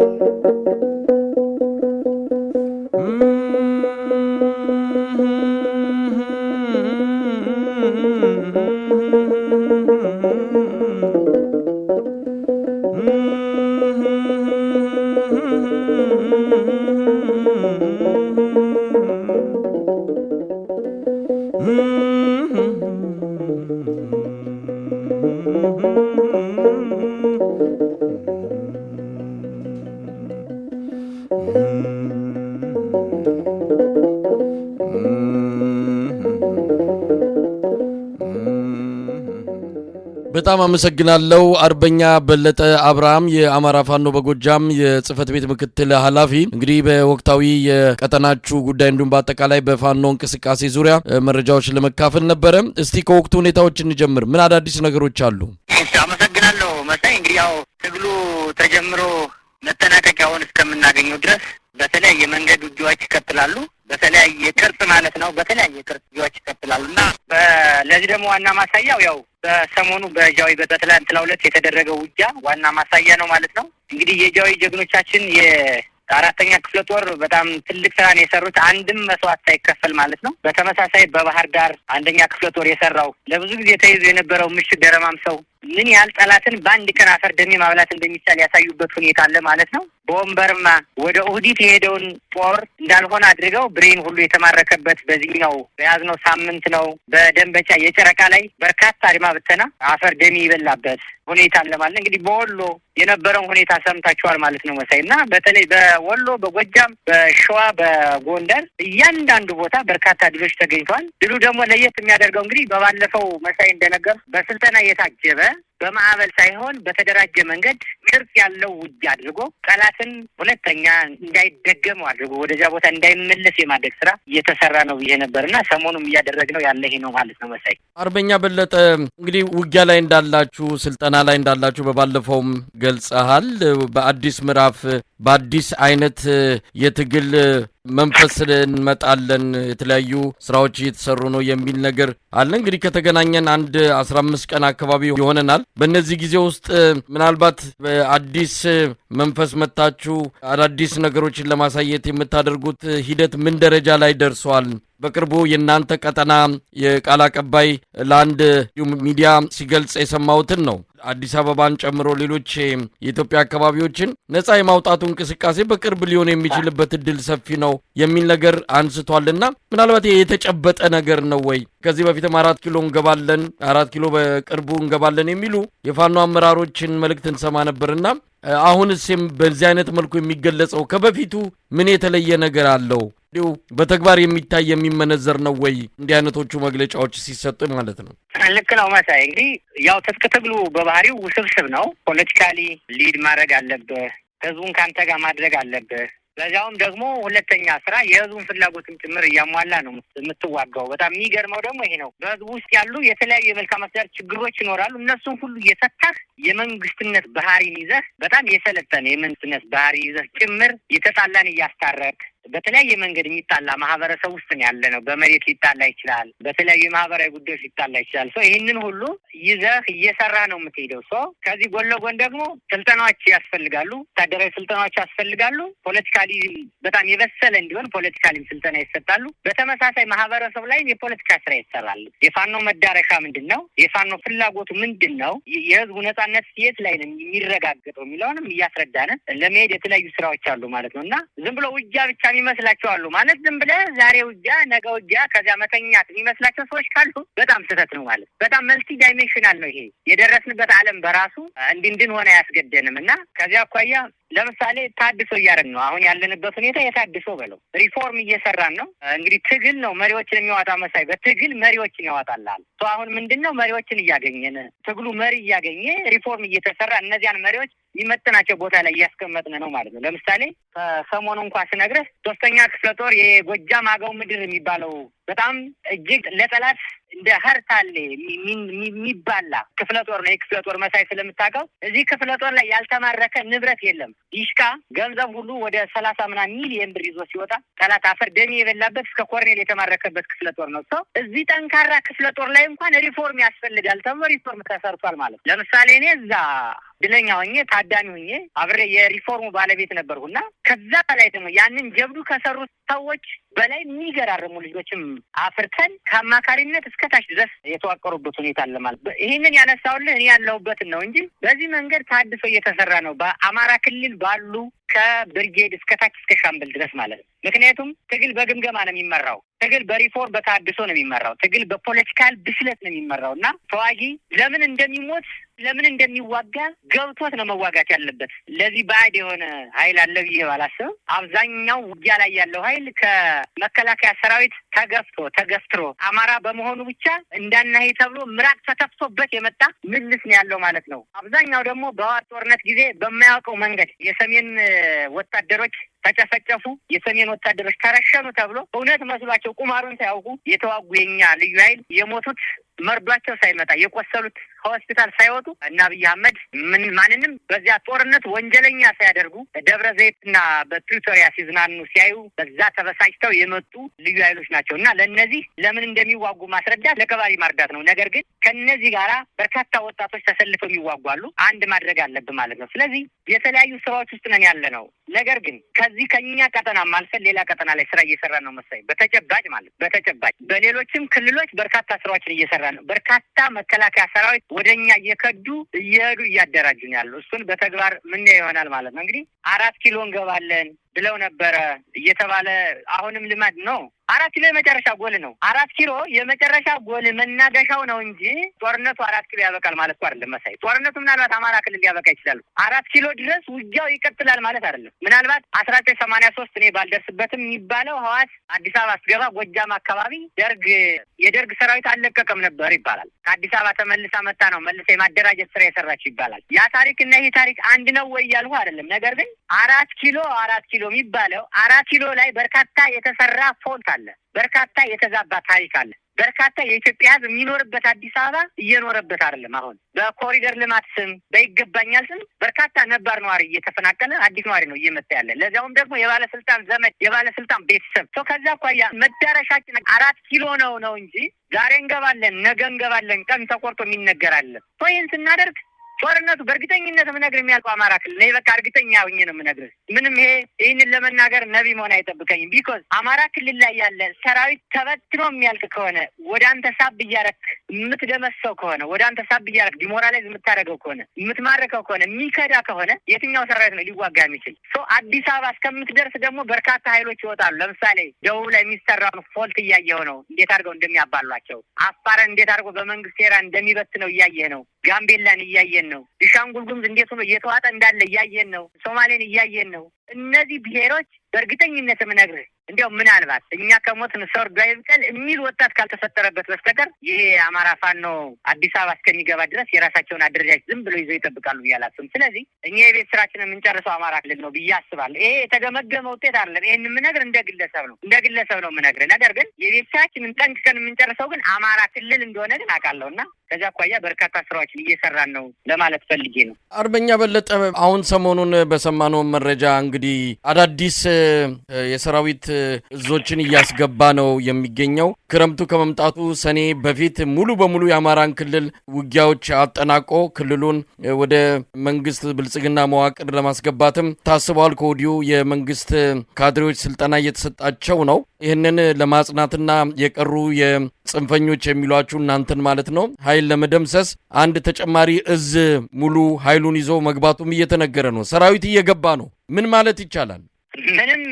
thank you በጣም አመሰግናለሁ አርበኛ በለጠ አብርሃም የአማራ ፋኖ በጎጃም የጽህፈት ቤት ምክትል ኃላፊ። እንግዲህ በወቅታዊ የቀጠናችሁ ጉዳይ እንዲሁም በአጠቃላይ በፋኖ እንቅስቃሴ ዙሪያ መረጃዎች ለመካፈል ነበረ። እስቲ ከወቅቱ ሁኔታዎች እንጀምር። ምን አዳዲስ ነገሮች አሉ? አመሰግናለሁ መሳይ። እንግዲህ ያው ትግሉ ተጀምሮ መጠናቀቂያውን እስከምናገኘው ድረስ በተለያየ መንገድ ውጊያዎች ይቀጥላሉ። በተለያየ ቅርጽ ማለት ነው። በተለያየ ቅርጽ ጊዎች ይከፍላሉ እና ለዚህ ደግሞ ዋና ማሳያው ያው በሰሞኑ በጃዊ በትላንትናው ሁለት የተደረገ ውጊያ ዋና ማሳያ ነው ማለት ነው። እንግዲህ የጃዊ ጀግኖቻችን አራተኛ ክፍለ ጦር በጣም ትልቅ ስራን የሰሩት አንድም መስዋዕት ሳይከፈል ማለት ነው። በተመሳሳይ በባህር ዳር አንደኛ ክፍለ ጦር የሰራው ለብዙ ጊዜ ተይዞ የነበረው ምሽግ ደረማም ሰው ምን ያህል ጠላትን በአንድ ቀን አፈር ደሜ ማብላት እንደሚቻል ያሳዩበት ሁኔታ አለ ማለት ነው። በወንበርማ ወደ ኦህዲድ የሄደውን ጦር እንዳልሆነ አድርገው ብሬን ሁሉ የተማረከበት በዚህኛው በያዝነው ሳምንት ነው። በደንበቻ የጨረቃ ላይ በርካታ አድማ ብተና አፈር ደሜ ይበላበት ሁኔታ አለ ማለት እንግዲህ በወሎ የነበረውን ሁኔታ ሰምታችኋል ማለት ነው መሳይ እና በተለይ በወሎ፣ በጎጃም፣ በሸዋ፣ በጎንደር እያንዳንዱ ቦታ በርካታ ድሎች ተገኝተዋል። ድሉ ደግሞ ለየት የሚያደርገው እንግዲህ በባለፈው መሳይ እንደነገር በስልጠና የታጀበ ¿Qué? ¿eh? በማዕበል ሳይሆን በተደራጀ መንገድ ቅርጽ ያለው ውጊያ አድርጎ ጠላትን ሁለተኛ እንዳይደገመው አድርጎ ወደዚያ ቦታ እንዳይመለስ የማድረግ ስራ እየተሰራ ነው ብዬ ነበር እና ሰሞኑም እያደረግነው ያለ ይሄ ነው ማለት ነው። መሳይ አርበኛ በለጠ እንግዲህ ውጊያ ላይ እንዳላችሁ፣ ስልጠና ላይ እንዳላችሁ በባለፈውም ገልጸሃል። በአዲስ ምዕራፍ በአዲስ አይነት የትግል መንፈስ እንመጣለን፣ የተለያዩ ስራዎች እየተሰሩ ነው የሚል ነገር አለ። እንግዲህ ከተገናኘን አንድ አስራ አምስት ቀን አካባቢ ይሆነናል። በእነዚህ ጊዜ ውስጥ ምናልባት በአዲስ መንፈስ መታችሁ አዳዲስ ነገሮችን ለማሳየት የምታደርጉት ሂደት ምን ደረጃ ላይ ደርሰዋል? በቅርቡ የእናንተ ቀጠና የቃል አቀባይ ለአንድ ሚዲያ ሲገልጽ የሰማሁትን ነው። አዲስ አበባን ጨምሮ ሌሎች የኢትዮጵያ አካባቢዎችን ነፃ የማውጣቱ እንቅስቃሴ በቅርብ ሊሆን የሚችልበት እድል ሰፊ ነው የሚል ነገር አንስቷልና ምናልባት የተጨበጠ ነገር ነው ወይ? ከዚህ በፊትም አራት ኪሎ እንገባለን፣ አራት ኪሎ በቅርቡ እንገባለን የሚሉ የፋኖ አመራሮችን መልእክት እንሰማ ነበርና አሁንስም በዚህ አይነት መልኩ የሚገለጸው ከበፊቱ ምን የተለየ ነገር አለው? እንዲሁ በተግባር የሚታይ የሚመነዘር ነው ወይ? እንዲህ አይነቶቹ መግለጫዎች ሲሰጡ ማለት ነው። ልክ ነው መሳይ። እንግዲህ ያው ትጥቅ ትግሉ በባህሪው ውስብስብ ነው። ፖለቲካሊ ሊድ ማድረግ አለብህ፣ ህዝቡን ከአንተ ጋር ማድረግ አለብህ። በዛውም ደግሞ ሁለተኛ ስራ የህዝቡን ፍላጎትም ጭምር እያሟላ ነው የምትዋጋው። በጣም የሚገርመው ደግሞ ይሄ ነው። በህዝቡ ውስጥ ያሉ የተለያዩ የመልካም አስተዳደር ችግሮች ይኖራሉ። እነሱን ሁሉ እየፈታህ የመንግስትነት ባህሪን ይዘህ በጣም የሰለጠነ የመንግስትነት ባህሪ ይዘህ ጭምር የተጣላን እያስታረቅ በተለያየ መንገድ የሚጣላ ማህበረሰብ ውስጥ ነው ያለ ነው። በመሬት ሊጣላ ይችላል። በተለያዩ የማህበራዊ ጉዳዮች ሊጣላ ይችላል። ሰው ይህንን ሁሉ ይዘህ እየሰራ ነው የምትሄደው። ሰው ከዚህ ጎን ለጎን ደግሞ ስልጠናዎች ያስፈልጋሉ። ወታደራዊ ስልጠናዎች ያስፈልጋሉ። ፖለቲካሊ በጣም የበሰለ እንዲሆን ፖለቲካሊም ስልጠና ይሰጣሉ። በተመሳሳይ ማህበረሰብ ላይ የፖለቲካ ስራ ይሰራል። የፋኖ መዳረሻ ምንድን ነው? የፋኖ ፍላጎቱ ምንድን ነው? የህዝቡ ነጻነት የት ላይ ነው የሚረጋገጠው የሚለውንም እያስረዳን ለመሄድ የተለያዩ ስራዎች አሉ ማለት ነው እና ዝም ብሎ ውጊያ ብቻ መጠቀም ይመስላቸዋሉ። ማለት ዝም ብለህ ዛሬ ውጊያ፣ ነገ ውጊያ፣ ከዚያ መተኛት የሚመስላቸው ሰዎች ካሉ በጣም ስህተት ነው ማለት በጣም መልቲ ዳይሜንሽናል ነው ይሄ የደረስንበት ዓለም በራሱ እንድንድን ሆነ አያስገደንም እና ከዚያ አኳያ ለምሳሌ ታድሶ እያደረግን ነው። አሁን ያለንበት ሁኔታ የታድሶ በለው ሪፎርም እየሰራን ነው። እንግዲህ ትግል ነው መሪዎችን የሚያወጣ መሳይ በትግል መሪዎችን ያወጣላል። አሁን ምንድን ነው መሪዎችን እያገኘን ትግሉ መሪ እያገኘ ሪፎርም እየተሰራ እነዚያን መሪዎች የሚመጥናቸው ቦታ ላይ እያስቀመጥን ነው ማለት ነው። ለምሳሌ ከሰሞኑ እንኳ ስነግረህ ሶስተኛ ክፍለ ጦር የጎጃም አገው ምድር የሚባለው በጣም እጅግ ለጠላት እንደ ሀርታሌ የሚባላ ክፍለ ጦር ነው። የክፍለ ጦር መሳይ ስለምታውቀው እዚህ ክፍለ ጦር ላይ ያልተማረከ ንብረት የለም። ይሽካ ገንዘብ ሁሉ ወደ ሰላሳ ምናምን ሚሊየን ብር ይዞ ሲወጣ ጠላት አፈር ደሜ የበላበት እስከ ኮርኔል የተማረከበት ክፍለ ጦር ነው። ሰው እዚህ ጠንካራ ክፍለ ጦር ላይ እንኳን ሪፎርም ያስፈልጋል ተብሎ ሪፎርም ተሰርቷል ማለት ለምሳሌ እኔ እዛ ድለኛ ሆኜ ታዳሚ ሆኜ አብሬ የሪፎርሙ ባለቤት ነበርኩና ከዛ በላይ ደግሞ ያንን ጀብዱ ከሰሩት ሰዎች በላይ የሚገራርሙ ልጆችም አፍርተን ከአማካሪነት እስከ ታች ድረስ የተዋቀሩበት ሁኔታ አለ ማለት። ይህንን ያነሳውልን እኔ ያለሁበትን ነው እንጂ በዚህ መንገድ ታድሶ እየተሰራ ነው በአማራ ክልል ባሉ ከብርጌድ እስከ ታች እስከ ሻምብል ድረስ ማለት ነው። ምክንያቱም ትግል በግምገማ ነው የሚመራው። ትግል በሪፎርም በታድሶ ነው የሚመራው። ትግል በፖለቲካል ብስለት ነው የሚመራው እና ተዋጊ ለምን እንደሚሞት ለምን እንደሚዋጋ ገብቶት ነው መዋጋት ያለበት። ለዚህ ባዕድ የሆነ ኃይል አለ ብዬ ባላስብም አብዛኛው ውጊያ ላይ ያለው ኃይል ከመከላከያ ሰራዊት ተገፍቶ ተገፍትሮ አማራ በመሆኑ ብቻ እንዳናሄ ተብሎ ምራቅ ተተፍቶበት የመጣ ምልስ ነው ያለው ማለት ነው። አብዛኛው ደግሞ በህወሓት ጦርነት ጊዜ በማያውቀው መንገድ የሰሜን ወታደሮች ተጨፈጨፉ፣ የሰሜን ወታደሮች ተረሸኑ ተብሎ እውነት መስሏቸው ቁማሩን ሳያውቁ የተዋጉ የኛ ልዩ ኃይል የሞቱት መርዷቸው ሳይመጣ የቆሰሉት ከሆስፒታል ሳይወጡ እና አብይ አህመድ ምን ማንንም በዚያ ጦርነት ወንጀለኛ ሳያደርጉ ደብረ ዘይትና በፕሪቶሪያ ሲዝናኑ ሲያዩ በዛ ተበሳጭተው የመጡ ልዩ ኃይሎች ናቸው እና ለእነዚህ ለምን እንደሚዋጉ ማስረዳት ለከባሪ ማርዳት ነው። ነገር ግን ከእነዚህ ጋራ በርካታ ወጣቶች ተሰልፈው የሚዋጉ አሉ። አንድ ማድረግ አለብን ማለት ነው። ስለዚህ የተለያዩ ስራዎች ውስጥ ነን ያለ ነው። ነገር ግን ከዚህ ከኛ ቀጠና ማልፈን ሌላ ቀጠና ላይ ስራ እየሰራ ነው መሳይ በተጨባጭ ማለት በተጨባጭ በሌሎችም ክልሎች በርካታ ስራዎችን እየሰራ ነው። በርካታ መከላከያ ሰራዊት ወደ እኛ እየከዱ እየሄዱ እያደራጁን ያሉ እሱን በተግባር ምን ይሆናል ማለት ነው። እንግዲህ አራት ኪሎ እንገባለን ብለው ነበረ እየተባለ አሁንም ልማድ ነው። አራት ኪሎ የመጨረሻ ጎል ነው። አራት ኪሎ የመጨረሻ ጎል መናገሻው ነው እንጂ ጦርነቱ አራት ኪሎ ያበቃል ማለት እኮ አይደለም። መሳይ ጦርነቱ ምናልባት አማራ ክልል ሊያበቃ ይችላል። አራት ኪሎ ድረስ ውጊያው ይቀጥላል ማለት አይደለም። ምናልባት አስራ ዘጠኝ ሰማንያ ሶስት እኔ ባልደርስበትም የሚባለው ህዋት አዲስ አበባ ስትገባ ጎጃም አካባቢ ደርግ የደርግ ሰራዊት አልለቀቀም ነበር ይባላል። ከአዲስ አበባ ተመልሳ መታ ነው መልሳ የማደራጀት ስራ የሰራችው ይባላል። ያ ታሪክ እና ይህ ታሪክ አንድ ነው ወይ እያልሁ አይደለም። ነገር ግን አራት ኪሎ አራት ኪሎ ኪሎ የሚባለው አራት ኪሎ ላይ በርካታ የተሰራ ፎልት አለ። በርካታ የተዛባ ታሪክ አለ። በርካታ የኢትዮጵያ ሕዝብ የሚኖርበት አዲስ አበባ እየኖረበት አይደለም። አሁን በኮሪደር ልማት ስም በይገባኛል ስም በርካታ ነባር ነዋሪ እየተፈናቀለ አዲስ ነዋሪ ነው እየመጣ ያለ። ለዚያውም ደግሞ የባለስልጣን ዘመድ የባለስልጣን ቤተሰብ ሰው ከዛ አኳያ መዳረሻችን አራት ኪሎ ነው ነው እንጂ ዛሬ እንገባለን ነገ እንገባለን ቀን ተቆርጦ የሚነገር አለ። ይህን ስናደርግ ጦርነቱ በእርግጠኝነት የምነግር የሚያልቀው አማራ ክልል ነው። በቃ እርግጠኛ ሁኜ ነው የምነግርህ። ምንም ይሄ ይህንን ለመናገር ነቢ መሆን አይጠብቀኝም። ቢኮዝ አማራ ክልል ላይ ያለ ሰራዊት ተበትኖ የሚያልቅ ከሆነ ወደ አንተ ሳብ እያረክ የምትደመሰው ከሆነ ወደ አንተ ሳብ እያረክ ዲሞራላይዝ የምታደርገው ከሆነ የምትማርከው ከሆነ የሚከዳ ከሆነ የትኛው ሰራዊት ነው ሊዋጋ የሚችል? አዲስ አበባ እስከምትደርስ ደግሞ በርካታ ኃይሎች ይወጣሉ። ለምሳሌ ደቡብ ላይ የሚሰራውን ፎልት እያየው ነው እንዴት አድርገው እንደሚያባሏቸው፣ አፋርን እንዴት አድርገው በመንግስት ሴራ እንደሚበትነው ነው እያየህ ነው። ጋምቤላን እያየን ነው። ሻንጉል ጉምዝ እንዴት ሆኖ እየተዋጠ እንዳለ እያየን ነው። ሶማሌን እያየን ነው። እነዚህ ብሔሮች በእርግጠኝነት የምነግርህ እንዲያው ምናልባት እኛ ከሞት ንሰር ይብቀል የሚል ወጣት ካልተፈጠረበት በስተቀር ይሄ አማራ ፋኖ አዲስ አበባ እስከሚገባ ድረስ የራሳቸውን አደረጃጅ ዝም ብሎ ይዘው ይጠብቃሉ እያላስም። ስለዚህ እኛ የቤት ስራችን የምንጨርሰው አማራ ክልል ነው ብዬ አስባለሁ። ይሄ የተገመገመ ውጤት አይደለም። ይህን የምነግርህ እንደ ግለሰብ ነው እንደ ግለሰብ ነው የምነግርህ። ነገር ግን የቤት ስራችንን ጠንቅቀን የምንጨርሰው ግን አማራ ክልል እንደሆነ ግን አውቃለሁ እና ከዚ አኳያ በርካታ ስራዎችን እየሰራን ነው ለማለት ፈልጌ ነው። አርበኛ በለጠ አሁን ሰሞኑን በሰማነው መረጃ እንግዲህ አዳዲስ የሰራዊት እዞችን እያስገባ ነው የሚገኘው። ክረምቱ ከመምጣቱ ሰኔ በፊት ሙሉ በሙሉ የአማራን ክልል ውጊያዎች አጠናቆ ክልሉን ወደ መንግስት ብልጽግና መዋቅር ለማስገባትም ታስበዋል። ከወዲሁ የመንግስት ካድሬዎች ስልጠና እየተሰጣቸው ነው። ይህንን ለማጽናትና የቀሩ የጽንፈኞች የሚሏችሁ እናንተን ማለት ነው ኃይል ለመደምሰስ አንድ ተጨማሪ እዝ ሙሉ ኃይሉን ይዞ መግባቱም እየተነገረ ነው። ሰራዊት እየገባ ነው። ምን ማለት ይቻላል? ምንም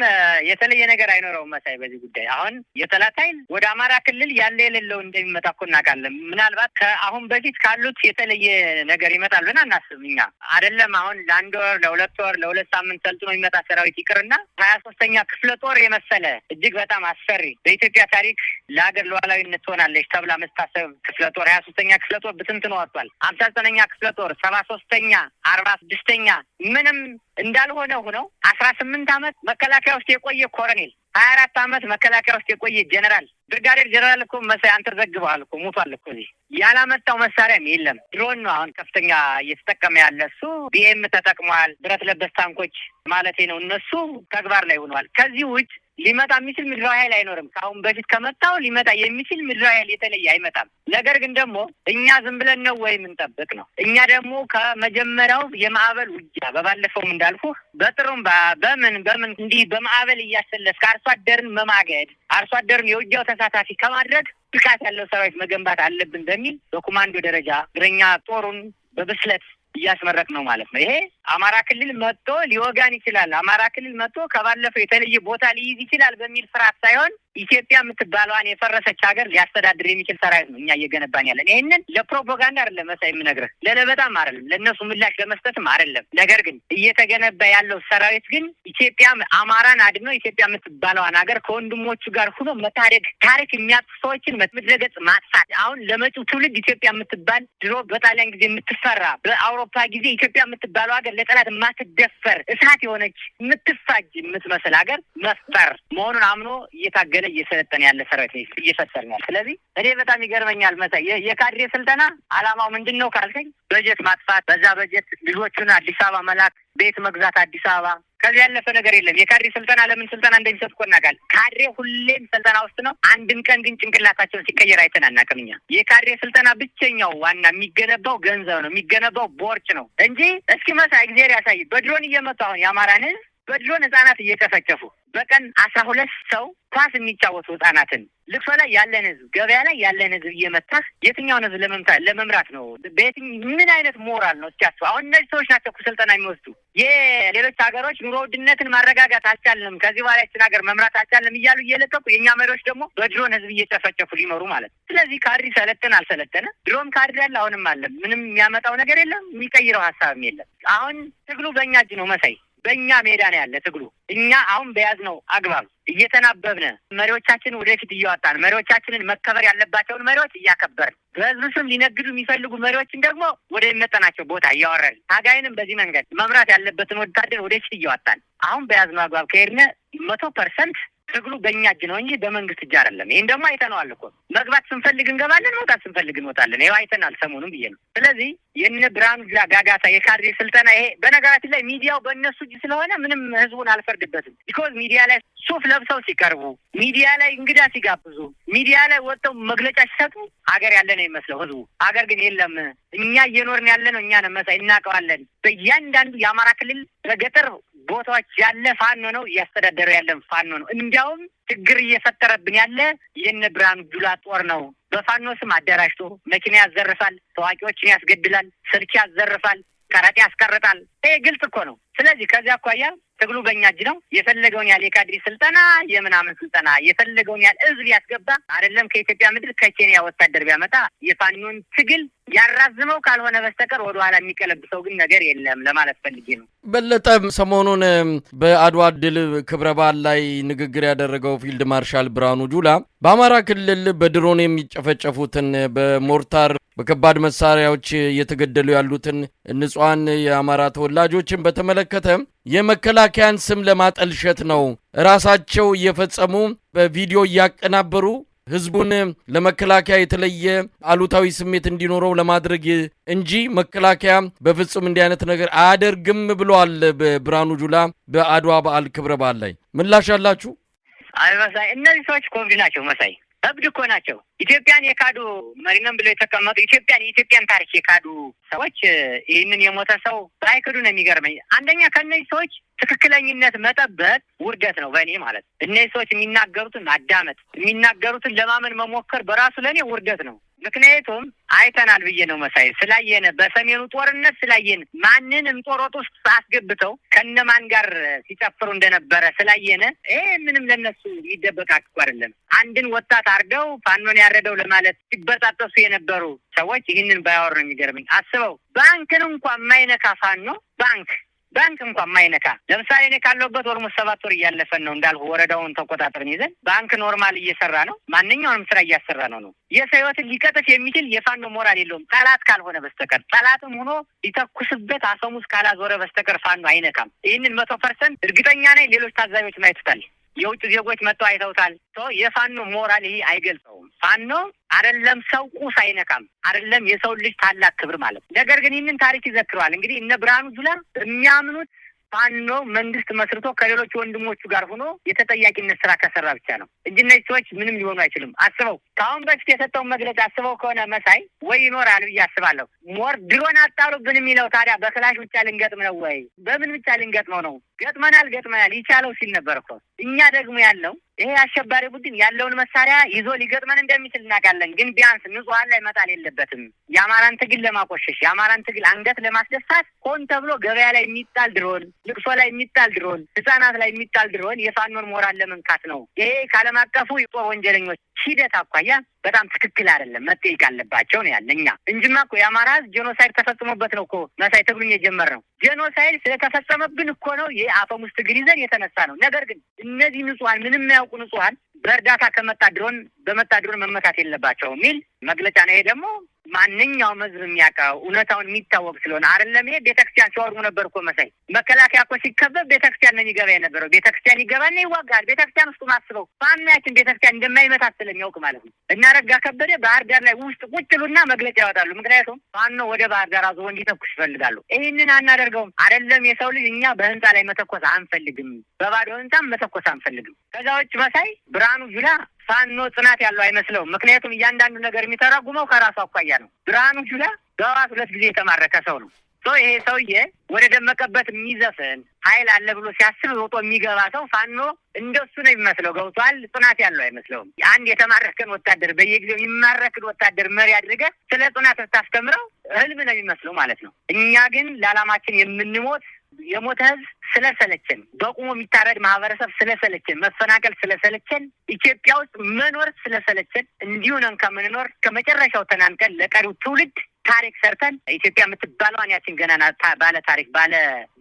የተለየ ነገር አይኖረውም። መሳይ በዚህ ጉዳይ አሁን የጠላት ኃይል ወደ አማራ ክልል ያለ የሌለው እንደሚመጣ እኮ እናውቃለን። ምናልባት ከአሁን በፊት ካሉት የተለየ ነገር ይመጣል ብን አናስብም እኛ አይደለም። አሁን ለአንድ ወር፣ ለሁለት ወር፣ ለሁለት ሳምንት ሰልጥኖ የሚመጣ ሰራዊት ይቅርና ሀያ ሶስተኛ ክፍለ ጦር የመሰለ እጅግ በጣም አስፈሪ በኢትዮጵያ ታሪክ ለሀገር ሉዓላዊነት ትሆናለች ተብላ መስታሰብ ክፍለ ጦር ሀያ ሶስተኛ ክፍለ ጦር ብትንትኖ ወጥቷል። አምሳ ዘጠነኛ ክፍለ ጦር ሰባ ሶስተኛ አርባ ስድስተኛ ምንም እንዳልሆነ ሆኖ አስራ ስምንት ዓመት መከላከያ ውስጥ የቆየ ኮረኔል ሀያ አራት አመት መከላከያ ውስጥ የቆየ ጀኔራል ብርጋዴር ጀኔራል እኮ መሳይ አንተ ዘግበሃል እኮ ሙቷል እኮ እዚህ ያላመጣው መሳሪያም የለም። ድሮን ነው አሁን ከፍተኛ እየተጠቀመ ያለ እሱ ቢኤም ተጠቅሟል። ብረት ለበስ ታንኮች ማለቴ ነው እነሱ ተግባር ላይ ሆነዋል። ከዚህ ውጭ ሊመጣ የሚችል ምድራዊ ኃይል አይኖርም። ከአሁን በፊት ከመጣው ሊመጣ የሚችል ምድራዊ ኃይል የተለየ አይመጣም። ነገር ግን ደግሞ እኛ ዝም ብለን ነው ወይ የምንጠብቅ ነው? እኛ ደግሞ ከመጀመሪያው የማዕበል ውጊያ በባለፈውም እንዳልኩ በጥሩምባ በምን በምን እንዲህ በማዕበል እያሰለፍ አርሶ አደርን መማገድ አርሶ አደርን የውጊያው ተሳታፊ ከማድረግ ብቃት ያለው ሰራዊት መገንባት አለብን በሚል በኮማንዶ ደረጃ እግረኛ ጦሩን በብስለት እያስመረቅ ነው ማለት ነው ይሄ አማራ ክልል መጥቶ ሊወጋን ይችላል፣ አማራ ክልል መጥቶ ከባለፈው የተለየ ቦታ ሊይዝ ይችላል በሚል ፍርሃት ሳይሆን ኢትዮጵያ የምትባለዋን የፈረሰች ሀገር ሊያስተዳድር የሚችል ሰራዊት ነው እኛ እየገነባን ያለን። ይህንን ለፕሮፓጋንዳ አይደለም መሳይ የምነግርህ፣ ለለበጣም አይደለም፣ ለእነሱ ምላሽ ለመስጠትም አይደለም። ነገር ግን እየተገነባ ያለው ሰራዊት ግን ኢትዮጵያ አማራን አድኖ ኢትዮጵያ የምትባለዋን ሀገር ከወንድሞቹ ጋር ሁኖ መታደግ፣ ታሪክ የሚያጡ ሰዎችን ምድረገጽ ማጥፋት፣ አሁን ለመጪው ትውልድ ኢትዮጵያ የምትባል ድሮ በጣሊያን ጊዜ የምትፈራ በአውሮፓ ጊዜ ኢትዮጵያ የምትባለው ሀገር ለጠላት የማትደፈር እሳት የሆነች የምትፋጅ የምትመስል ሀገር መፍጠር መሆኑን አምኖ እየታገለ እየሰለጠን ያለ ሰራዊት እየፈጠርን ያለ። ስለዚህ እኔ በጣም ይገርመኛል መሳይ፣ የካድሬ ስልጠና አላማው ምንድን ነው ካልከኝ፣ በጀት ማጥፋት፣ በዛ በጀት ልጆቹን አዲስ አበባ መላክ ቤት መግዛት አዲስ አበባ ከዚህ ያለፈ ነገር የለም። የካድሬ ስልጠና ለምን ስልጠና እንደሚሰጥ እኮ እናውቃለን። ካድሬ ሁሌም ስልጠና ውስጥ ነው። አንድም ቀን ግን ጭንቅላታቸውን ሲቀየር አይተን አናውቅም። እኛ የካድሬ ስልጠና ብቸኛው ዋና የሚገነባው ገንዘብ ነው፣ የሚገነባው ቦርጭ ነው እንጂ እስኪ መሳይ እግዜር ያሳይ። በድሮን እየመጡ አሁን የአማራን ህዝብ በድሮን ህጻናት እየጨፈጨፉ በቀን አስራ ሁለት ሰው ኳስ የሚጫወቱ ህጻናትን ልቅሶ ላይ ያለን ህዝብ፣ ገበያ ላይ ያለን ህዝብ እየመታህ የትኛውን ህዝብ ለመምታት ለመምራት ነው? ምን አይነት ሞራል ነው እስኪያስቡ። አሁን እነዚህ ሰዎች ናቸው እኮ ስልጠና የሚወስዱ። የሌሎች ሀገሮች ኑሮ ውድነትን ማረጋጋት አልቻልንም፣ ከዚህ በኋላ ያችን ሀገር መምራት አልቻልንም እያሉ እየለቀቁ የእኛ መሪዎች ደግሞ በድሮን ህዝብ እየጨፈጨፉ ሊመሩ ማለት ነው። ስለዚህ ካድሪ ሰለጥን አልሰለጠነ ድሮም ካድሪ ያለ አሁንም አለ። ምንም የሚያመጣው ነገር የለም፣ የሚቀይረው ሀሳብም የለም። አሁን ትግሉ በእኛ እጅ ነው መሳይ በእኛ ሜዳ ነው ያለ ትግሉ። እኛ አሁን በያዝነው አግባብ እየተናበብን መሪዎቻችን ወደፊት እያወጣን መሪዎቻችንን መከበር ያለባቸውን መሪዎች እያከበርን በህዝብ ስም ሊነግዱ የሚፈልጉ መሪዎችን ደግሞ ወደ ወደሚመጠናቸው ቦታ እያወረን ታጋይንም በዚህ መንገድ መምራት ያለበትን ወታደር ወደፊት እያወጣን አሁን በያዝነው አግባብ ከሄድነ መቶ ፐርሰንት ትግሉ በእኛ እጅ ነው እንጂ በመንግስት እጅ አይደለም። ይህን ደግሞ አይተነዋል እኮ መግባት ስንፈልግ እንገባለን፣ መውጣት ስንፈልግ እንወጣለን። ይኸው አይተናል ሰሞኑን ብዬ ነው። ስለዚህ የነ ብርሃኑ ጁላ ጋጋታ የካድሬ ስልጠና ይሄ በነገራችን ላይ ሚዲያው በእነሱ እጅ ስለሆነ ምንም ህዝቡን አልፈርድበትም። ቢኮዝ ሚዲያ ላይ ሱፍ ለብሰው ሲቀርቡ፣ ሚዲያ ላይ እንግዳ ሲጋብዙ፣ ሚዲያ ላይ ወጥተው መግለጫ ሲሰጡ ሀገር ያለ ነው ይመስለው ህዝቡ። ሀገር ግን የለም። እኛ እየኖርን ያለ ነው እኛ ነን መሳይ፣ እናውቀዋለን። በእያንዳንዱ የአማራ ክልል በገጠር ቦታዎች ያለ ፋኖ ነው እያስተዳደረ ያለን ፋኖ ነው። እንዲያውም ችግር እየፈጠረብን ያለ የነ ብርሃኑ ጁላ ጦር ነው። በፋኖ ስም አደራጅቶ መኪና ያዘርፋል፣ ታዋቂዎችን ያስገድላል፣ ስልክ ያዘርፋል፣ ከረጢ ያስቀርጣል። ይሄ ግልጽ እኮ ነው። ስለዚህ ከዚያ አኳያ ትግሉ በእኛ እጅ ነው። የፈለገውን ያህል የካድሪ ስልጠና የምናምን ስልጠና የፈለገውን ያህል ህዝብ ያስገባ አይደለም ከኢትዮጵያ ምድር ከኬንያ ወታደር ቢያመጣ የፋኖን ትግል ያራዝመው ካልሆነ በስተቀር ወደ ኋላ የሚቀለብሰው ግን ነገር የለም ለማለት ፈልጌ ነው። በለጠ ሰሞኑን በአድዋ ድል ክብረ በዓል ላይ ንግግር ያደረገው ፊልድ ማርሻል ብርሃኑ ጁላ በአማራ ክልል በድሮን የሚጨፈጨፉትን በሞርታር በከባድ መሳሪያዎች እየተገደሉ ያሉትን ንጹሐን የአማራ ተወላጆችን በተመለከተ የመከላከያን ስም ለማጠልሸት ነው። ራሳቸው እየፈጸሙ በቪዲዮ እያቀናበሩ ህዝቡን ለመከላከያ የተለየ አሉታዊ ስሜት እንዲኖረው ለማድረግ እንጂ መከላከያ በፍጹም እንዲህ አይነት ነገር አያደርግም ብለዋል በብርሃኑ ጁላ በአድዋ በዓል ክብረ በዓል ላይ ምላሽ አላችሁ? አይ መሳይ፣ እነዚህ ሰዎች ኮንቪ ናቸው መሳይ እብድ እኮ ናቸው። ኢትዮጵያን የካዱ መሪነን ብለው የተቀመጡ ኢትዮጵያን የኢትዮጵያን ታሪክ የካዱ ሰዎች ይህንን የሞተ ሰው ባይክዱ ነው የሚገርመኝ። አንደኛ ከእነዚህ ሰዎች ትክክለኝነት መጠበቅ ውርደት ነው በእኔ ማለት እነዚህ ሰዎች የሚናገሩትን ማዳመጥ፣ የሚናገሩትን ለማመን መሞከር በራሱ ለእኔ ውርደት ነው። ምክንያቱም አይተናል ብዬ ነው መሳይ ስላየነ በሰሜኑ ጦርነት ስላየን ማንንም ጦሮት ውስጥ አስገብተው ከነማን ጋር ሲጨፍሩ እንደነበረ ስላየነ ይህ ምንም ለነሱ የሚደበቅ አክኩ አይደለም። አንድን ወጣት አርገው ፋኖን ያረደው ለማለት ሲበጣጠሱ የነበሩ ሰዎች ይህንን ባያወር ነው የሚገርምኝ። አስበው ባንክን እንኳን የማይነካ ፋኖ ባንክ ባንክ እንኳን ማይነካ ለምሳሌ እኔ ካለሁበት ወር ሰባት ወር እያለፈን ነው እንዳልሁ ወረዳውን ተቆጣጠርን ይዘን ባንክ ኖርማል እየሰራ ነው። ማንኛውንም ስራ እያሰራ ነው ነው የሰው ህይወትን ሊቀጥፍ የሚችል የፋኖ ሞራል የለውም፣ ጠላት ካልሆነ በስተቀር ጠላትም ሆኖ ሊተኩስበት አፈሙዝ ካላዞረ በስተቀር ፋኖ አይነካም። ይህንን መቶ ፐርሰንት እርግጠኛ ነኝ። ሌሎች ታዛቢዎች ማየቱታል። የውጭ ዜጎች መጥተው አይተውታል። የፋኖ ሞራል ይሄ አይገልጸውም። ፋኖ አይደለም ሰው ቁስ አይነካም፣ አይደለም የሰው ልጅ ታላቅ ክብር ማለት ነው። ነገር ግን ይህንን ታሪክ ይዘክረዋል። እንግዲህ እነ ብርሃኑ ጁላ የሚያምኑት ፋኖ መንግስት መስርቶ ከሌሎች ወንድሞቹ ጋር ሆኖ የተጠያቂነት ስራ ከሰራ ብቻ ነው እንጂ እነዚህ ሰዎች ምንም ሊሆኑ አይችልም። አስበው ከአሁን በፊት የሰጠውን መግለጫ አስበው ከሆነ መሳይ ወይ ይኖራል ብዬ አስባለሁ። ሞር ድሮን አጣሉብን የሚለው ታዲያ በክላሽ ብቻ ልንገጥም ነው ወይ በምን ብቻ ልንገጥመው ነው? ገጥመናል ገጥመናል ይቻለው ሲል ነበር እኮ። እኛ ደግሞ ያለው ይሄ አሸባሪ ቡድን ያለውን መሳሪያ ይዞ ሊገጥመን እንደሚችል እናውቃለን። ግን ቢያንስ ንጹሐን ላይ መጣል የለበትም። የአማራን ትግል ለማቆሸሽ፣ የአማራን ትግል አንገት ለማስደፋት ሆን ተብሎ ገበያ ላይ የሚጣል ድሮን፣ ልቅሶ ላይ የሚጣል ድሮን፣ ህጻናት ላይ የሚጣል ድሮን የፋኖን ሞራል ለመንካት ነው። ይሄ ከዓለም አቀፉ የጦር ወንጀለኞች ሂደት አኳያ በጣም ትክክል አይደለም፣ መጠየቅ አለባቸው ነው ያለ። እኛ እንጂማ እኮ የአማራ ህዝብ ጄኖሳይድ ተፈጽሞበት ነው እኮ መሳይ ትግሉን የጀመር ነው። ጄኖሳይድ ስለተፈጸመብን እኮ ነው የአፈሙስ ትግል ይዘን የተነሳ ነው። ነገር ግን እነዚህ ንጹሀን ምንም ያውቁ ንጹሀን በእርዳታ ከመጣ ድሮን በመጣ ድሮን መመታት የለባቸው የሚል መግለጫ ነው። ይሄ ደግሞ ማንኛውም ህዝብ የሚያውቀው እውነታውን የሚታወቅ ስለሆነ አይደለም። ይሄ ቤተክርስቲያን ሲወርሙ ነበር እኮ መሳይ መከላከያ እኮ ሲከበብ ቤተክርስቲያን ነው የሚገባ የነበረው። ቤተክርስቲያን ይገባና ይዋጋል። ቤተክርስቲያን ውስጡ ማስበው በአምናችን ቤተክርስቲያን እንደማይመታት ስለሚያውቅ ማለት ነው። እና ረጋ ከበደ ባህር ዳር ላይ ውስጥ ቁጭሉና መግለጫ ያወጣሉ። ምክንያቱም ፋኖ ወደ ባህር ዳር አዞ እንዲተኩስ ይፈልጋሉ። ይህንን አናደርገውም አይደለም። የሰው ልጅ እኛ በህንፃ ላይ መተኮስ አንፈልግም፣ በባዶ ህንፃም መተኮስ አንፈልግም። ከዛ ውጭ መሳይ ብርሃኑ ጁላ ፋኖ ጽናት ያለው አይመስለውም። ምክንያቱም እያንዳንዱ ነገር የሚተረጉመው ከራሱ አኳያ ነው። ብርሃኑ ጁላ በዋስ ሁለት ጊዜ የተማረከ ሰው ነው። ሰው ይሄ ሰውዬ ወደ ደመቀበት የሚዘፍን ኃይል አለ ብሎ ሲያስብ ሮጦ የሚገባ ሰው ፋኖ እንደሱ ነው የሚመስለው። ገብቷል። ጽናት ያለው አይመስለውም። አንድ የተማረከን ወታደር በየጊዜው የሚማረክን ወታደር መሪ አድርገ ስለ ጽናት ስታስተምረው ህልም ነው የሚመስለው ማለት ነው። እኛ ግን ለዓላማችን የምንሞት የሞተ ህዝብ ስለሰለቸን፣ በቁሙ የሚታረድ ማህበረሰብ ስለሰለችን መፈናቀል ስለሰለችን ኢትዮጵያ ውስጥ መኖር ስለሰለችን እንዲሁነን ከምንኖር ከመጨረሻው ተናንቀን ለቀሪው ትውልድ ታሪክ ሰርተን ኢትዮጵያ የምትባለዋን ያችን ገናና ባለ ታሪክ ባለ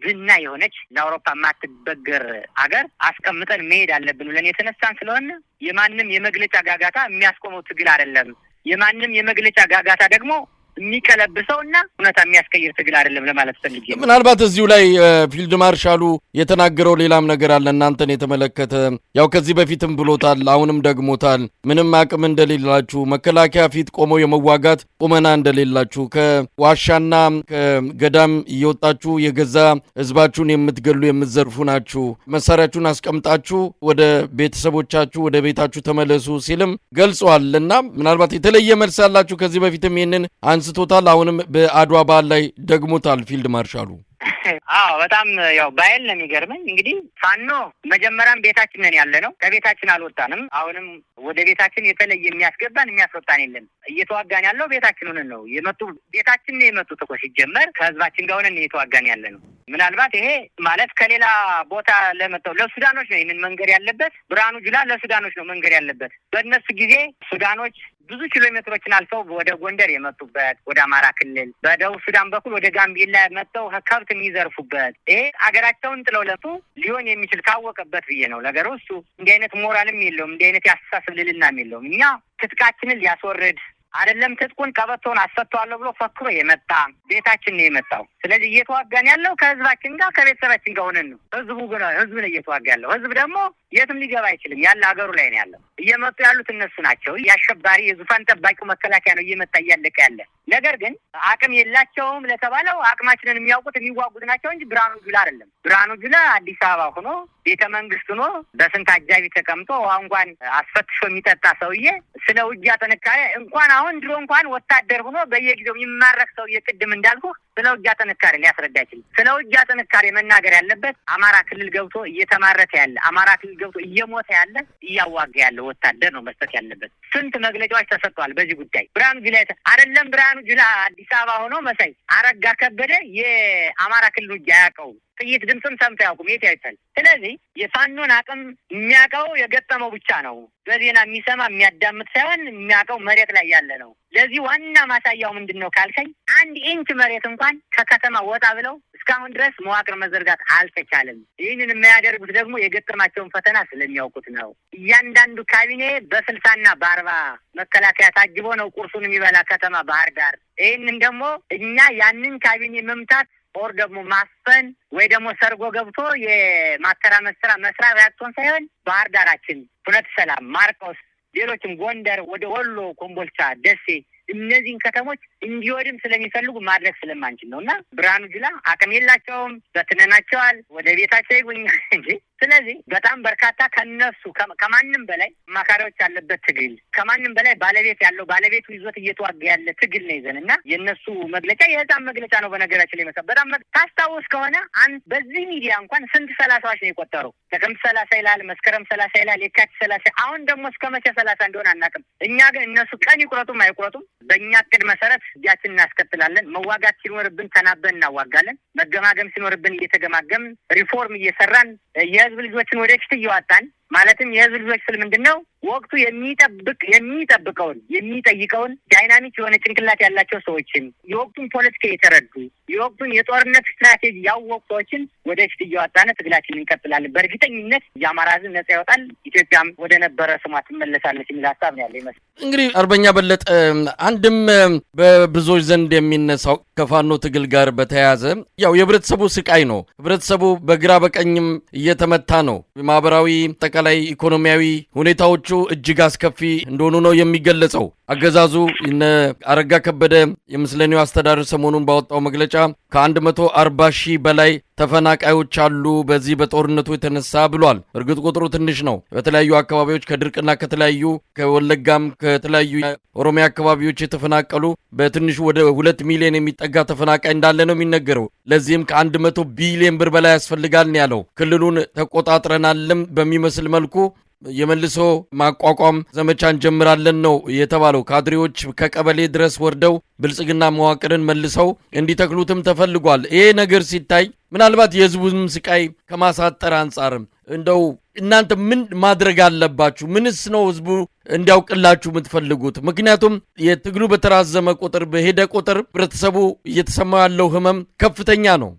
ዝና የሆነች ለአውሮፓ የማትበገር አገር አስቀምጠን መሄድ አለብን ብለን የተነሳን ስለሆነ የማንም የመግለጫ ጋጋታ የሚያስቆመው ትግል አይደለም። የማንም የመግለጫ ጋጋታ ደግሞ የሚቀለብሰው እና እውነታ የሚያስቀይር ትግል አይደለም ለማለት ፈልጌ ምናልባት እዚሁ ላይ ፊልድ ማርሻሉ የተናገረው ሌላም ነገር አለ እናንተን የተመለከተ ያው ከዚህ በፊትም ብሎታል፣ አሁንም ደግሞታል። ምንም አቅም እንደሌላችሁ መከላከያ ፊት ቆመው የመዋጋት ቁመና እንደሌላችሁ ከዋሻና ከገዳም እየወጣችሁ የገዛ ህዝባችሁን የምትገሉ የምትዘርፉ ናችሁ፣ መሳሪያችሁን አስቀምጣችሁ ወደ ቤተሰቦቻችሁ ወደ ቤታችሁ ተመለሱ ሲልም ገልጿል እና ምናልባት የተለየ መልስ ያላችሁ ከዚህ በፊትም ይህንን አንስ አንስቶታል። አሁንም በአድዋ በዓል ላይ ደግሞታል ፊልድ ማርሻሉ። አዎ በጣም ያው ባይል ነው የሚገርመኝ። እንግዲህ ፋኖ መጀመሪያም ቤታችን ነን ያለ ነው። ከቤታችን አልወጣንም። አሁንም ወደ ቤታችን የተለየ የሚያስገባን የሚያስወጣን የለም። እየተዋጋን ያለው ቤታችን ሆነን ነው የመጡ ቤታችን ነው የመጡ ተኮ ሲጀመር ከህዝባችን ጋር ሆነን እየተዋጋን ያለ ነው። ምናልባት ይሄ ማለት ከሌላ ቦታ ለመጠው ለሱዳኖች ነው ይህንን መንገድ ያለበት። ብርሃኑ ጁላ ለሱዳኖች ነው መንገድ ያለበት። በእነሱ ጊዜ ሱዳኖች ብዙ ኪሎ ሜትሮችን አልፈው ወደ ጎንደር የመጡበት ወደ አማራ ክልል በደቡብ ሱዳን በኩል ወደ ጋምቤላ መጥተው ከብት የሚዘርፉበት ይሄ አገራቸውን ጥለው ለቱ ሊሆን የሚችል ካወቀበት ብዬ ነው ነገሩ። እሱ እንዲህ አይነት ሞራልም የለውም እንዲህ አይነት ያስተሳሰብ ልልናም የለውም። እኛ ትጥቃችንን ሊያስወርድ አይደለም ትጥቁን ቀበቶን አሰጥተዋለሁ ብሎ ፈክሮ የመጣ ቤታችን ነው የመጣው። ስለዚህ እየተዋጋን ያለው ከህዝባችን ጋር ከቤተሰባችን ጋር ሆነን ነው። ህዝቡ ህዝብ ነው እየተዋጋ ያለው። ህዝብ ደግሞ የትም ሊገባ አይችልም። ያለ ሀገሩ ላይ ነው ያለው። እየመጡ ያሉት እነሱ ናቸው። የአሸባሪ የዙፋን ጠባቂው መከላከያ ነው እየመጣ እያለቀ ያለ። ነገር ግን አቅም የላቸውም ለተባለው አቅማችንን የሚያውቁት የሚዋጉት ናቸው እንጂ ብርሃኑ ጁላ አይደለም። ብርሃኑ ጁላ አዲስ አበባ ሆኖ ቤተ መንግስት ሆኖ በስንት አጃቢ ተቀምጦ ውሃ እንኳን አስፈትሾ የሚጠጣ ሰውዬ ስለ ውጊያ ጥንካሬ እንኳን አሁን ድሮ እንኳን ወታደር ሆኖ በየጊዜው የሚማረክ ሰውዬ ቅድም እንዳልኩ ስለ ውጊያ ጥንካሬ ሊያስረዳ አይችልም። ስለ ውጊያ ጥንካሬ መናገር ያለበት አማራ ክልል ገብቶ እየተማረተ ያለ አማራ ክልል ገብቶ እየሞተ ያለ እያዋጋ ያለ ወታደር ነው መስጠት ያለበት። ስንት መግለጫዎች ተሰጥተዋል በዚህ ጉዳይ። ብርሃኑ ጁላ አይደለም ብርሃኑ ጁላ አዲስ አበባ ሆኖ መሳይ አረጋ ከበደ የአማራ ክልል ውጊያ አያውቀውም። ጥይት ድምፅም ሰምቶ ያውቁም የት ያይታል። ስለዚህ የፋኖን አቅም የሚያውቀው የገጠመው ብቻ ነው። በዜና የሚሰማ የሚያዳምጥ ሳይሆን የሚያውቀው መሬት ላይ ያለ ነው። ለዚህ ዋና ማሳያው ምንድን ነው ካልከኝ አንድ ኢንች መሬት እንኳን ከከተማ ወጣ ብለው እስካሁን ድረስ መዋቅር መዘርጋት አልተቻለም። ይህንን የሚያደርጉት ደግሞ የገጠማቸውን ፈተና ስለሚያውቁት ነው። እያንዳንዱ ካቢኔ በስልሳና በአርባ መከላከያ ታጅቦ ነው ቁርሱን የሚበላ ከተማ ባህር ዳር። ይህንን ደግሞ እኛ ያንን ካቢኔ መምታት ኦር ደግሞ ማፈን ወይ ደግሞ ሰርጎ ገብቶ የማተራመስ ስራ መስራት ያቶን ሳይሆን ባህር ዳራችን፣ ሁነት ሰላም፣ ማርቆስ፣ ሌሎችም ጎንደር፣ ወደ ወሎ፣ ኮምቦልቻ፣ ደሴ እነዚህን ከተሞች እንዲወድም ስለሚፈልጉ ማድረግ ስለማንችል ነው እና ብርሃኑ ጁላ አቅም የላቸውም፣ በትነናቸዋል፣ ወደ ቤታቸው ይጉኝ እንጂ ስለዚህ በጣም በርካታ ከነሱ ከማንም በላይ አማካሪዎች ያለበት ትግል ከማንም በላይ ባለቤት ያለው ባለቤቱ ይዞት እየተዋጋ ያለ ትግል ነው ይዘን እና የእነሱ መግለጫ የህፃን መግለጫ ነው። በነገራችን ላይ መሰ በጣም ታስታውስ ከሆነ አንድ በዚህ ሚዲያ እንኳን ስንት ሰላሳዎች ነው የቆጠሩ ጥቅምት ሰላሳ ይላል፣ መስከረም ሰላሳ ይላል፣ የካቲት ሰላሳ አሁን ደግሞ እስከ መቼ ሰላሳ እንደሆነ አናውቅም። እኛ ግን እነሱ ቀን ይቁረጡም አይቁረጡም በእኛ እቅድ መሰረት እጃችን እናስከትላለን። መዋጋት ሲኖርብን ተናበን እናዋጋለን። መገማገም ሲኖርብን እየተገማገም ሪፎርም እየሰራን የህዝብ ልጆችን ወደፊት እያዋጣን ማለትም የህዝብ ልጆች ስል ምንድን ነው ወቅቱ የሚጠብቅ የሚጠብቀውን የሚጠይቀውን ዳይናሚክ የሆነ ጭንቅላት ያላቸው ሰዎችን የወቅቱን ፖለቲካ የተረዱ የወቅቱን የጦርነት ስትራቴጂ ያወቁ ሰዎችን ወደፊት እያወጣነ ትግላችን እንቀጥላለን። በእርግጠኝነት የአማራ ሕዝብ ነጻ ያወጣል፣ ኢትዮጵያም ወደ ነበረ ስሟ ትመለሳለች የሚል ሀሳብ ነው ያለ ይመስል እንግዲህ አርበኛ በለጠ አንድም በብዙዎች ዘንድ የሚነሳው ከፋኖ ትግል ጋር በተያያዘ ያው የህብረተሰቡ ስቃይ ነው። ህብረተሰቡ በግራ በቀኝም እየተመታ ነው። ማህበራዊ፣ አጠቃላይ ኢኮኖሚያዊ ሁኔታዎች ሁኔታዎቹ እጅግ አስከፊ እንደሆኑ ነው የሚገለጸው። አገዛዙ እነ አረጋ ከበደ የምስለኔው አስተዳደር ሰሞኑን ባወጣው መግለጫ ከ140 ሺህ በላይ ተፈናቃዮች አሉ በዚህ በጦርነቱ የተነሳ ብሏል። እርግጥ ቁጥሩ ትንሽ ነው። በተለያዩ አካባቢዎች ከድርቅና ከተለያዩ ከወለጋም ከተለያዩ ኦሮሚያ አካባቢዎች የተፈናቀሉ በትንሹ ወደ ሁለት ሚሊዮን የሚጠጋ ተፈናቃይ እንዳለ ነው የሚነገረው። ለዚህም ከአንድ መቶ ቢሊዮን ብር በላይ ያስፈልጋል ያለው ክልሉን ተቆጣጥረናልም በሚመስል መልኩ የመልሶ ማቋቋም ዘመቻ እንጀምራለን ነው የተባለው። ካድሬዎች ከቀበሌ ድረስ ወርደው ብልጽግና መዋቅርን መልሰው እንዲተክሉትም ተፈልጓል። ይሄ ነገር ሲታይ ምናልባት የህዝቡንም ስቃይ ከማሳጠር አንጻርም እንደው እናንተ ምን ማድረግ አለባችሁ? ምንስ ነው ህዝቡ እንዲያውቅላችሁ የምትፈልጉት? ምክንያቱም የትግሉ በተራዘመ ቁጥር በሄደ ቁጥር ህብረተሰቡ እየተሰማው ያለው ህመም ከፍተኛ ነው።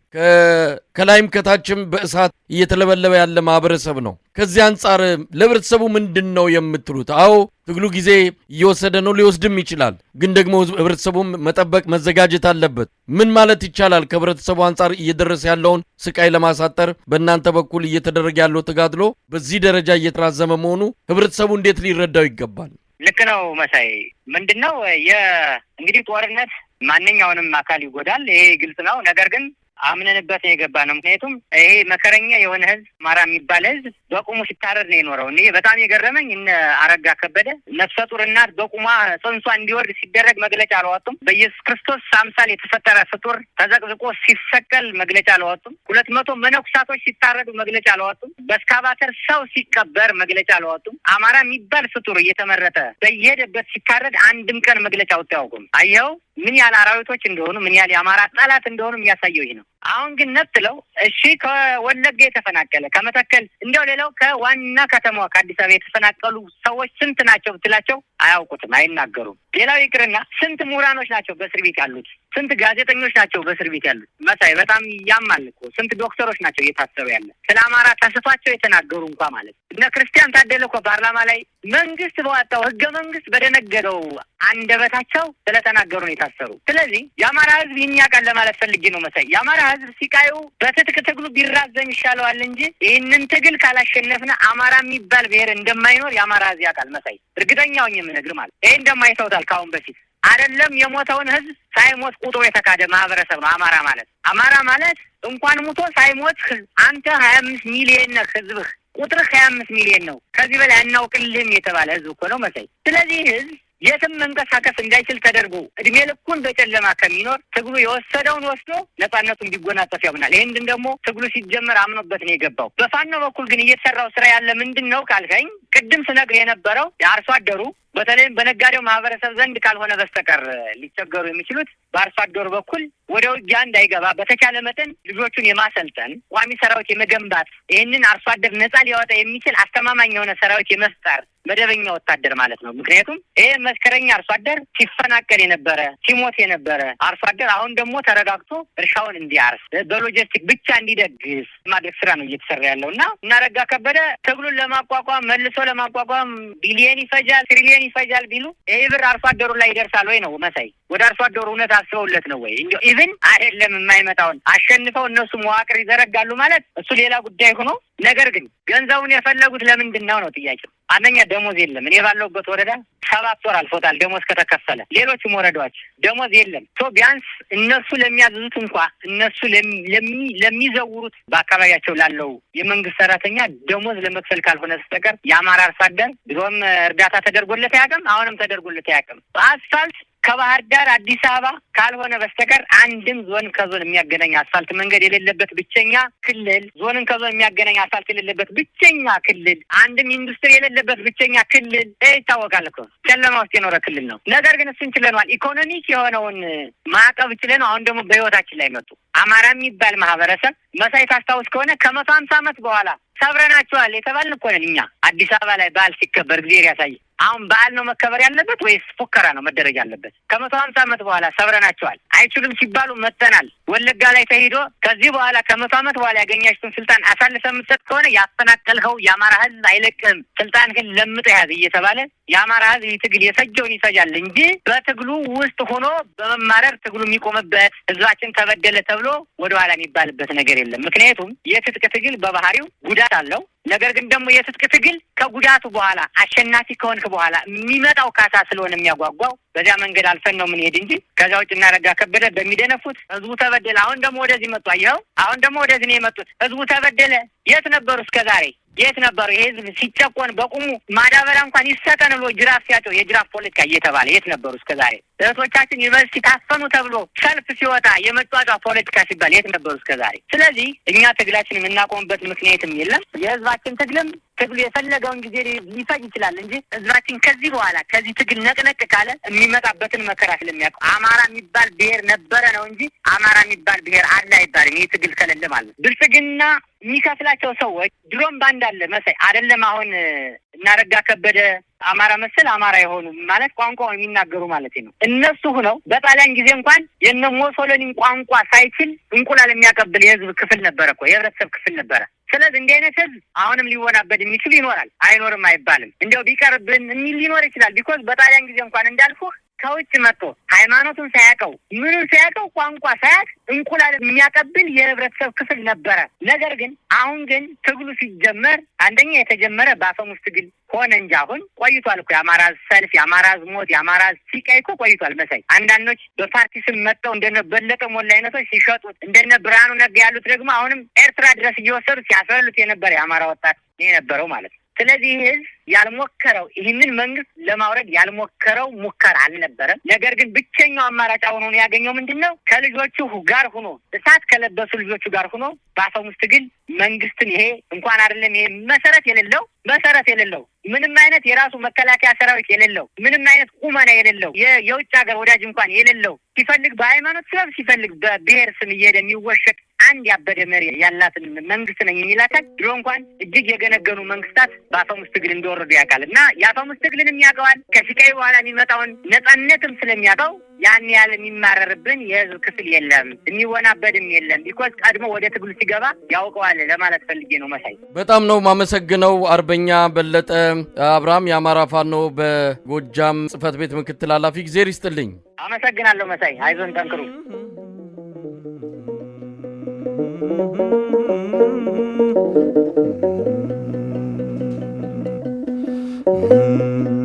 ከላይም ከታችም በእሳት እየተለበለበ ያለ ማህበረሰብ ነው። ከዚህ አንጻር ለህብረተሰቡ ምንድን ነው የምትሉት? አዎ ትግሉ ጊዜ እየወሰደ ነው፣ ሊወስድም ይችላል። ግን ደግሞ ህብረተሰቡም መጠበቅ መዘጋጀት አለበት። ምን ማለት ይቻላል? ከህብረተሰቡ አንጻር እየደረሰ ያለውን ስቃይ ለማሳጠር በእናንተ በኩል እየተደረገ ያለው ተጋድሎ በዚህ ደረጃ እየተራዘመ መሆኑ ህብረተሰቡ እንዴት ሊረዳው ይገባል? ልክ ነው መሳይ። ምንድን ነው እንግዲህ ጦርነት ማንኛውንም አካል ይጎዳል። ይሄ ግልጽ ነው። ነገር ግን አምነንበት ነው የገባ ነው። ምክንያቱም ይሄ መከረኛ የሆነ ህዝብ አማራ የሚባል ህዝብ በቁሙ ሲታረድ ነው የኖረው። እኔ በጣም የገረመኝ እነ አረጋ ከበደ ነፍሰ ጡር እናት በቁሟ ጽንሷ እንዲወርድ ሲደረግ መግለጫ አላወጡም። በኢየሱስ ክርስቶስ አምሳል የተፈጠረ ፍጡር ተዘቅዝቆ ሲሰቀል መግለጫ አላወጡም። ሁለት መቶ መነኩሳቶች ሲታረዱ መግለጫ አላወጡም። በእስካቫተር ሰው ሲቀበር መግለጫ አላወጡም። አማራ የሚባል ፍጡር እየተመረጠ በየሄደበት ሲታረድ አንድም ቀን መግለጫ አውጡ ያውቁም። አየኸው ምን ያህል አራዊቶች እንደሆኑ ምን ያህል የአማራ ጠላት እንደሆኑ የሚያሳየው ይህ ነው። አሁን ግን ነጥለው እሺ፣ ከወለጋ የተፈናቀለ ከመተከል እንዲያው ሌላው ከዋና ከተማዋ ከአዲስ አበባ የተፈናቀሉ ሰዎች ስንት ናቸው ብትላቸው አያውቁትም፣ አይናገሩም። ሌላው ይቅርና ስንት ምሁራኖች ናቸው በእስር ቤት ያሉት? ስንት ጋዜጠኞች ናቸው በእስር ቤት ያሉት? መሳይ በጣም ያማል እኮ ስንት ዶክተሮች ናቸው እየታሰሩ ያለ ስለ አማራ ተስቷቸው የተናገሩ እንኳ ማለት እነ ክርስቲያን ታደለ እኮ ፓርላማ ላይ መንግስት በዋጣው ህገ መንግስት በደነገገው አንደበታቸው ስለተናገሩ ነው የታሰሩ። ስለዚህ የአማራ ህዝብ ይህን ያውቃል ለማለት ፈልጌ ነው መሳይ። የአማራ ህዝብ ሲቃዩ በትጥቅ ትግሉ ቢራዘም ይሻለዋል እንጂ ይህንን ትግል ካላሸነፍነ አማራ የሚባል ብሔር እንደማይኖር የአማራ ህዝብ ያውቃል መሳይ፣ እርግጠኛ የምነግር ማለት ይህ እንደማይሰውታል ከአሁን በፊት አይደለም የሞተውን ህዝብ ሳይሞት ቁጥሩ የተካደ ማህበረሰብ ነው አማራ ማለት። አማራ ማለት እንኳን ሙቶ ሳይሞት አንተ ሀያ አምስት ሚሊየን ነህ ህዝብህ ቁጥር ሀያ አምስት ሚሊየን ነው። ከዚህ በላይ አናውቅልህም የተባለ ህዝብ እኮ ነው መሳይ። ስለዚህ ህዝብ የትም መንቀሳቀስ እንዳይችል ተደርጎ እድሜ ልኩን በጨለማ ከሚኖር ትግሉ የወሰደውን ወስዶ ነጻነቱ እንዲጎናጸፍ ያምናል። ይህንን ደግሞ ትግሉ ሲጀመር አምኖበት ነው የገባው። በፋኖ በኩል ግን እየተሰራው ስራ ያለ ምንድን ነው ካልከኝ ቅድም ስነግር የነበረው የአርሶ አደሩ በተለይም በነጋዴው ማህበረሰብ ዘንድ ካልሆነ በስተቀር ሊቸገሩ የሚችሉት በአርሶ አደሩ በኩል ወደ ውጊያ እንዳይገባ በተቻለ መጠን ልጆቹን የማሰልጠን ቋሚ ሰራዊት የመገንባት ይህንን አርሶ አደር ነጻ ሊያወጣ የሚችል አስተማማኝ የሆነ ሰራዊት የመፍጠር መደበኛ ወታደር ማለት ነው። ምክንያቱም ይህ መስከረኛ አርሶ አደር ሲፈናቀል የነበረ ሲሞት የነበረ አርሶ አደር አሁን ደግሞ ተረጋግቶ እርሻውን እንዲያርስ በሎጂስቲክ ብቻ እንዲደግስ ማድረግ ስራ ነው እየተሰራ ያለው እና እናረጋ ከበደ ትግሉን ለማቋቋም መልሶ ለማቋቋም ቢሊየን ይፈጃል፣ ትሪሊየን ይፈጃል ቢሉ ይህ ብር አርሶ አደሩ ላይ ይደርሳል ወይ ነው መሳይ ወደ አርሶ አደሩ እውነት አስበውለት ነው ወይ? እንዲ ኢቭን አይደለም የማይመጣውን አሸንፈው እነሱ መዋቅር ይዘረጋሉ ማለት እሱ ሌላ ጉዳይ ሆኖ፣ ነገር ግን ገንዘቡን የፈለጉት ለምንድን ነው ነው ጥያቄው። አንደኛ ደሞዝ የለም። እኔ ባለሁበት ወረዳ ሰባት ወር አልፎታል ደሞዝ ከተከፈለ፣ ሌሎችም ወረዳዎች ደሞዝ የለም። ሶ ቢያንስ እነሱ ለሚያዝዙት እንኳ እነሱ ለሚዘውሩት በአካባቢያቸው ላለው የመንግስት ሰራተኛ ደሞዝ ለመክፈል ካልሆነ በስተቀር የአማራ አርሶ አደር ድሮም እርዳታ ተደርጎለት አያውቅም፣ አሁንም ተደርጎለት አያውቅም። በአስፋልት ከባህር ዳር አዲስ አበባ ካልሆነ በስተቀር አንድም ዞን ከዞን የሚያገናኝ አስፋልት መንገድ የሌለበት ብቸኛ ክልል፣ ዞንን ከዞን የሚያገናኝ አስፋልት የሌለበት ብቸኛ ክልል፣ አንድም ኢንዱስትሪ የሌለበት ብቸኛ ክልል ይታወቃል እኮ ጨለማ ውስጥ የኖረ ክልል ነው። ነገር ግን እሱን ችለነዋል። ኢኮኖሚክ የሆነውን ማዕቀብ ችለነው አሁን ደግሞ በህይወታችን ላይ መጡ። አማራ የሚባል ማህበረሰብ መሳይ ታስታውስ ከሆነ ከመቶ ሀምሳ አመት በኋላ ሰብረናቸዋል የተባልን እኮ ነን እኛ። አዲስ አበባ ላይ በዓል ሲከበር ጊዜ ያሳየ አሁን በዓል ነው መከበር ያለበት ወይስ ፉከራ ነው መደረግ ያለበት? ከመቶ ሀምሳ ዓመት በኋላ ሰብረናቸዋል። አይችሉም ሲባሉ መተናል። ወለጋ ላይ ተሄዶ ከዚህ በኋላ ከመቶ ዓመት በኋላ ያገኛችሁን ስልጣን አሳልፈ የምትሰጥ ከሆነ ያፈናቀልኸው የአማራ ህዝብ አይለቅም፣ ስልጣን ግን ለምጠ ያዝ እየተባለ የአማራ ህዝብ ትግል የሰጀውን ይሰጃል እንጂ በትግሉ ውስጥ ሆኖ በመማረር ትግሉ የሚቆምበት ህዝባችን ተበደለ ተብሎ ወደኋላ የሚባልበት ነገር የለም። ምክንያቱም የትጥቅ ትግል በባህሪው ጉዳት አለው። ነገር ግን ደግሞ የትጥቅ ትግል ከጉዳቱ በኋላ አሸናፊ ከሆንክ በኋላ የሚመጣው ካሳ ስለሆነ የሚያጓጓው በዚያ መንገድ አልፈን ነው የምንሄድ እንጂ ከዛ ውጭ እናረጋ ከበደ በሚደነፉት ህዝቡ ተበደለ። አሁን ደግሞ ወደዚህ መጡ። አየኸው? አሁን ደግሞ ወደዚህ ነው የመጡት። ህዝቡ ተበደለ። የት ነበሩ እስከ ዛሬ? የት ነበሩ? ይህ ህዝብ ሲጨቆን በቁሙ ማዳበሪያ እንኳን ይሰጠን ብሎ ጅራፍ ሲያጨው የጅራፍ ፖለቲካ እየተባለ የት ነበሩ እስከ ዛሬ? እህቶቻችን ዩኒቨርሲቲ ታፈኑ ተብሎ ሰልፍ ሲወጣ የመጫጫ ፖለቲካ ሲባል የት ነበሩ እስከ ዛሬ? ስለዚህ እኛ ትግላችን የምናቆምበት ምክንያትም የለም። የህዝባችን ትግልም ትግሉ የፈለገውን ጊዜ ሊፈጅ ይችላል እንጂ ህዝባችን ከዚህ በኋላ ከዚህ ትግል ነቅነቅ ካለ የሚመጣበትን መከራ ስለሚያውቅ አማራ የሚባል ብሔር ነበረ ነው እንጂ አማራ የሚባል ብሔር አለ አይባልም። ይህ ትግል ከሌለ ማለት ነው ብልጽግና የሚከፍላቸው ሰዎች ድሮም ባንድ አለ መሳይ አይደለም። አሁን እናረጋ ከበደ አማራ መሰል አማራ የሆኑ ማለት ቋንቋ የሚናገሩ ማለት ነው። እነሱ ሁነው በጣሊያን ጊዜ እንኳን የነ ሞሶሎኒን ቋንቋ ሳይችል እንቁላል የሚያቀብል የህዝብ ክፍል ነበረ እኮ የህብረተሰብ ክፍል ነበረ። ስለዚህ እንዲህ አይነት ህዝብ አሁንም ሊወናበድ የሚችል ይኖራል፣ አይኖርም አይባልም። እንዲያው ቢቀርብን የሚል ሊኖር ይችላል። ቢኮዝ በጣሊያን ጊዜ እንኳን እንዳልኩህ ከውጭ መጥቶ ሃይማኖቱን ሳያውቀው ምንም ሳያውቀው ቋንቋ ሳያውቅ እንቁላል የሚያቀብል የህብረተሰብ ክፍል ነበረ። ነገር ግን አሁን ግን ትግሉ ሲጀመር አንደኛ የተጀመረ በአፈሙዝ ትግል ሆነ እንጂ አሁን ቆይቷል እኮ የአማራዝ ሰልፍ፣ የአማራዝ ሞት፣ የአማራዝ ሲቃይ እኮ ቆይቷል። መሳይ አንዳንዶች በፓርቲ ስም መጥተው እንደነ በለጠ ሞላ አይነቶች ሲሸጡት እንደነ ብርሃኑ ነጋ ያሉት ደግሞ አሁንም ኤርትራ ድረስ እየወሰዱት ሲያስረሉት የነበረ የአማራ ወጣት የነበረው ማለት ነው። ስለዚህ ህዝብ ያልሞከረው ይህንን መንግስት ለማውረድ ያልሞከረው ሙከራ አልነበረም። ነገር ግን ብቸኛው አማራጭ አሁን ሆኖ ያገኘው ምንድን ነው? ከልጆቹ ጋር ሆኖ እሳት ከለበሱ ልጆቹ ጋር ሆኖ በአፈ ውስጥ ግን መንግስትን ይሄ እንኳን አይደለም ይሄ መሰረት የሌለው መሰረት የሌለው ምንም አይነት የራሱ መከላከያ ሰራዊት የሌለው ምንም አይነት ቁመና የሌለው የውጭ ሀገር ወዳጅ እንኳን የሌለው ሲፈልግ በሃይማኖት ስበብ ሲፈልግ በብሔር ስም እየሄደ የሚወሸቅ አንድ ያበደ መሪ ያላትን መንግስት ነኝ የሚላታል ድሮ እንኳን እጅግ የገነገኑ መንግስታት በአፈሙዝ ትግል እንደወረዱ ያውቃል እና የአፈሙዝ ትግልን የሚያውቀዋል ከሲቃይ በኋላ የሚመጣውን ነጻነትም ስለሚያውቀው ያን ያህል የሚማረርብን የህዝብ ክፍል የለም፣ የሚወናበድም የለም። ቢኮዝ ቀድሞ ወደ ትግሉ ሲገባ ያውቀዋል ለማለት ፈልጌ ነው። መሳይ በጣም ነው ማመሰግነው። አርበኛ በለጠ አብርሃም የአማራ ፋኖ በጎጃም ጽህፈት ቤት ምክትል ኃላፊ፣ እግዜር ይስጥልኝ። አመሰግናለሁ መሳይ፣ አይዞን ጠንክሩ። Thank mm-hmm. you.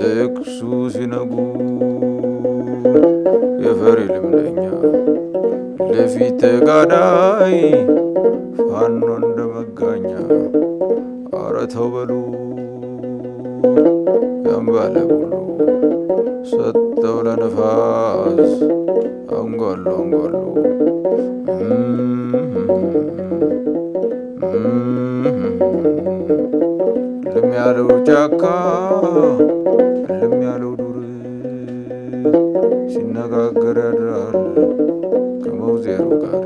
ጥቅሱ ሲነጉ የፈሪ ልምደኛ ለፊት ተጋዳይ ፋኖ እንደመጋኛ አረተው በሉ ያምባለ ሁሉ ሰጠው ለነፋስ አንጓሉ አንጓሉ ልም ያለው ጫካ ልም ያለው ዱር ሲነጋገር ያድራል ከመውዜሩ ጋር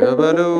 ሸበለው